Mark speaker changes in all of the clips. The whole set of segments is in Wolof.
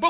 Speaker 1: mbokk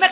Speaker 1: nag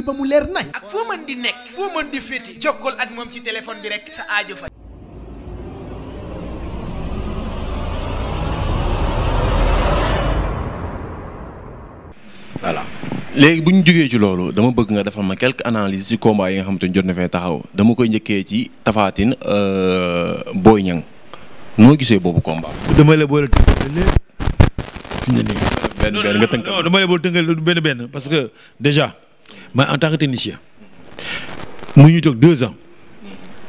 Speaker 1: mbir ba mu leer ak moom ci téléphone bi rek sa aajo fa
Speaker 2: léegi bu ñu jógee ci loolu dama bëgg nga defal ma quelques analyses ci combat yi nga xam te jot na fee taxaw dama koy njëkkee ci Tapha booy euh, Boy Niang noo gisee boobu combat. dama la boole tënkal lépp fi benn benn nga parce que déjà. mais en tant que technicien mu ñu toog deux ans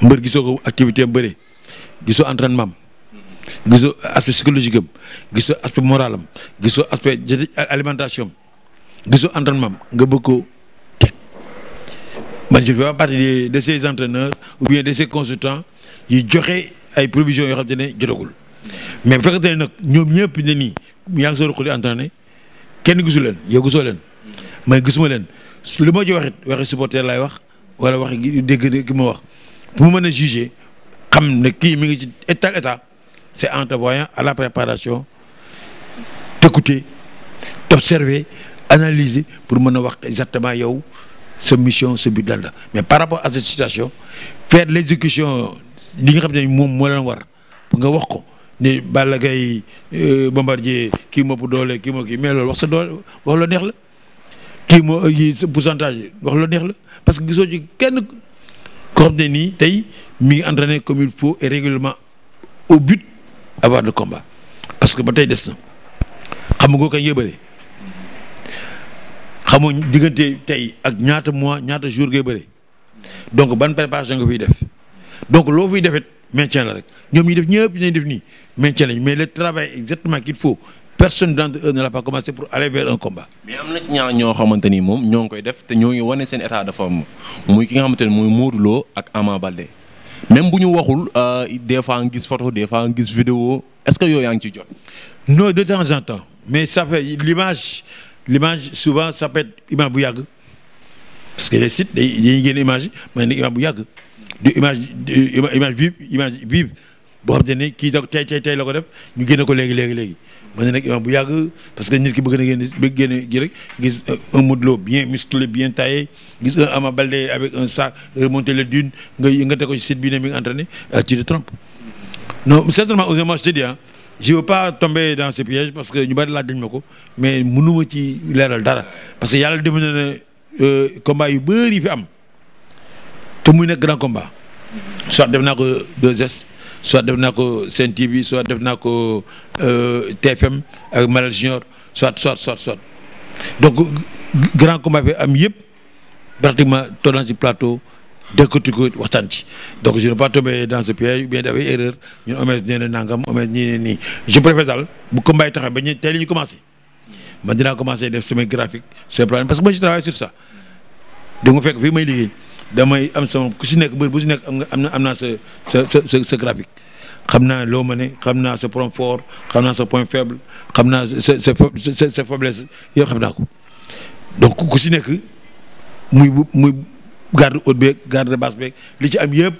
Speaker 2: mbër gisoo ko activité am bëre gisoo entraînement am gisoo aspect psychologique am gisoo aspect moral am gisoo aspect alimentation am gisoo entraînement nga bëgg ko teg man je fais pas partie de ces entraîneurs ou bien de ces consultants yi joxe ay provisions yoo xam te ne jotagul mais bu fekkente nag ñoom ñëpp ne nii yaa ngi soo ruqali entraîné kenn gisu leen yow gisoo leen mais gisuma leen lu ma ci waxit waxi supporter laay wax wala wax dégg ki ma wax pour mu mën a juger xam ne kii mi ngi ci état état c'est en te voyant à la préparation t'écouter t'observer analyser pour mën a wax exactement yow sa mission sa but lan la mais par rapport à cette situation faire l'exécution li nga xam ne moom moo leen war pour nga wax ko ne Balla Gaye euh, Bombardier kii moo ëpp doole kii moo kii mais loolu wax sa doole wax la neex la kii moo euh, yi pourcentage yi wax la neex la parce que gisoo ci kenn ko xam ne nii tey mi ngi entraîné comme il faut et régulièrement au but avant de combat parce que ba tey des na xam nga kañ ngay xamoo diggante tey ak ñaata mois ñaata jour ngay bëri donc ban préparation nga fiy def donc loo fiy defet maintien la rek ñoom ñi def ñëpp ñuy def nii maintien lañ mais le travail exactement qu'il faut personne d'entre eux ne l'a pas commencé pour aller vers un combat. mais am na si ñaar ñoo xamante ni moom ñoo ngi koy def te ñoo ngi wane seen état de forme muy ki nga xamante ni mooy Modou ak Ama Baldé même bu ñu waxul euh, des fois nga gis photo des fois gis vidéo est-ce que yooyu ngi ci jot. non de temps en temps mais ça l'image l'image souvent ça peut image bu yàgg parce que les sites dañuy génn image ma image bu yàgg du image image image vive. boo xam te ni kii da tey tey tey la ko def ñu génne ko léegi léegi léegi ma ne nag imaam bu yàgg parce que nit ki bëgg na génne bëgg génne rek gis un Modou Lo bien musclé bien taillé gis un Ama Baldé avec un sac remonter les dunes nga nga teg ko ci site ne mi ngi entraîné tu te trompes non certainement aussi moi je te dis ah je pas tomber dans ce parce que ñu bari laaj dañ ma ko mais mënuma ci leeral dara parce que yàlla def na ne euh, combat yu bëri fi am te muy nekk grand combat soit def ko 2S soit def na ko Sen TV soit def naa ko TFM euh, ak Malal Junior soit soit soit soit donc grand combat bi am yëpp pratiquement toog naa ci plateau dëkkati ko waxtaan ci donc je ne pas tomber dans ce piège ou bien dafay erreur ñun omes nee nangam omes ñii ne nii je préfère daal bu combat yi taxee ba ñu tey la ñu commencé man dinaa commencé def samay graphique samay problème parce que moi je travaille sur ça di nga fekk fii may liggéey. damay am sama ku si nekk mbër bu si nekk am nga am na am naa sa sa xam naa loo ma ne xam naa sa point fort xam na sa point faible xam naa sa sa sa sa faiblesse yow xam naa ko donc ku si nekk muy muy garde haute beeg garde basse beeg li ci am yëpp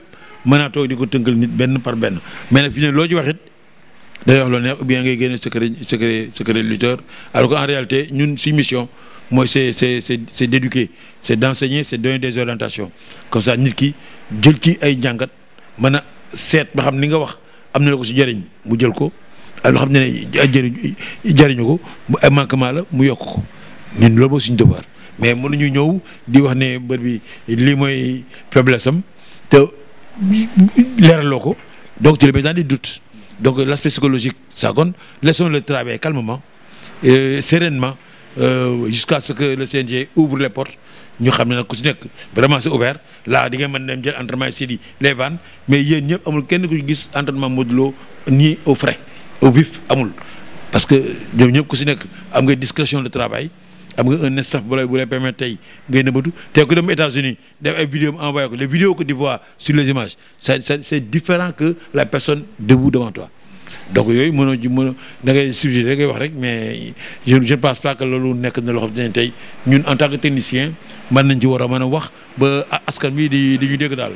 Speaker 2: mën naa toog di ko tënkal nit benn par benn mais nag fi ne loo ci waxit day wax loolu neex ou bien ngay génne secret secret secret lutteur alors que en réalité ñun si mission. mooy c'est c'est c'est c'est d'éduquer c'est d'enseigner c'est donner des orientations comme ça nit ki jël ci ay njàngat mën a seet ba xam ni nga wax am na la ko si jëriñ mu jël ko ak xam ne jëriñ jëriñu ko mu ay manquement la mu yokk ko ñun loolu moo suñu devoir mais mënuñu ñëw di wax ne mbër bi lii mooy faiblesse am te leeraloo ko donc ti le mets di des doutes donc l'aspect psychologique ça compte laissons le travailler calmement et euh, sereinement Euh, jusqu'à ce que le CNG ouvre les portes ñu xam ne nag ku si nekk vraiment c'est ouvert la di nga mën dem jël entraînement yi sidi les vannes mais yéen ñëpp amul kenn ku gis entraînement Modou Lo nii au frais au vif amul parce que ñoom ñëpp ku si nekk am nga discrétion de travail am nga un staff bu lay bu lay permettre tey ngay nëbbatu te ku dem États-Unis def ay vidéo mu envoyé ko les vidéos que tu vois sur les images c'est différent que la personne debout devant toi donc yooyu mënoo ji mën da ngay sujet da ngay wax rek mais je je ne pense pas que loolu nekk na loo xam ne tey ñun en tant que technicien mën nañ ci war a mën a wax ba askan wi di di ñu dégg daal.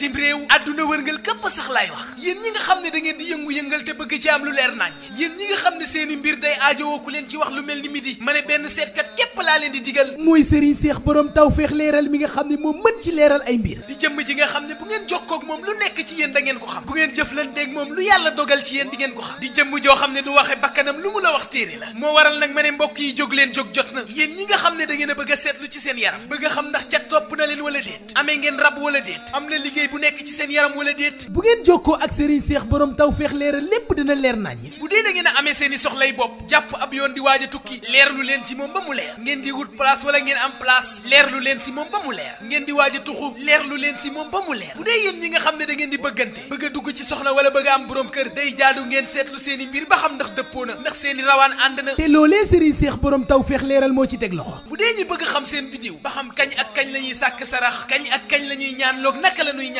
Speaker 1: bitim réew adduna wërngal képp sax laay wax yéen ñi nga xam ne da ngeen di yëngu-yëngal te bëgg ci am lu leer nañ yéen ñi nga xam ne seeni mbir day aajowoo ku leen ci wax lu mel ni midi ma ne benn seetkat képp laa leen di digal mooy sëriñ seex borom tawfeex leeral mi nga xam ne moom mën ci leeral ay mbir di jëmm ji nga xam ne bu ngeen jokkoo ak moom lu nekk ci yéen da ko xam bu ngeen jëflanteeg moom lu yàlla dogal ci yéen di ngeen ko xam di jëmm joo xam ne du waxe bakkanam lu mu la wax téere la moo waral ma ne mbokk yi leen jóg jot na yéen ñi nga xam ne da ngeen a bëgg ci seen yaram bëgg a xam ndax topp na leen wala déet amee ngeen rab wala déet am bu nekk ci seen yaram wala déet bu ngeen jokkoo ak Serigne Seex borom taw feex leeral lépp dina leer naññ bu dee da ngeen a amee seen i soxlay bopp jàpp ab yoon di waaj a tukki leer leen ci moom ba mu leer ngeen di wut place wala ngeen am place leer lu leen si moom ba mu leer ngeen di waaja a tuxu leer leen si moom ba mu leer bu dee yéen ñi nga xam ne da ngeen di bëggante bëgg dugg ci soxna wala bëgg am borom kër day jaadu ngeen seetlu seen ba xam ndax dëppoo na ndax seen i rawaan ànd na te loolee Seex borom taw feex leeral moo ci teg loxo dee ñi bëgg xam seen bidiw ba xam kañ ak kañ la ñuy sàkk sarax kañ ak kañ la ñuy ñaan loog ñuy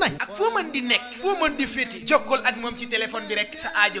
Speaker 1: leer ak foo mën di nekk foo mën di féete jokkool ak moom ci téléphone bi rek sa aajo fa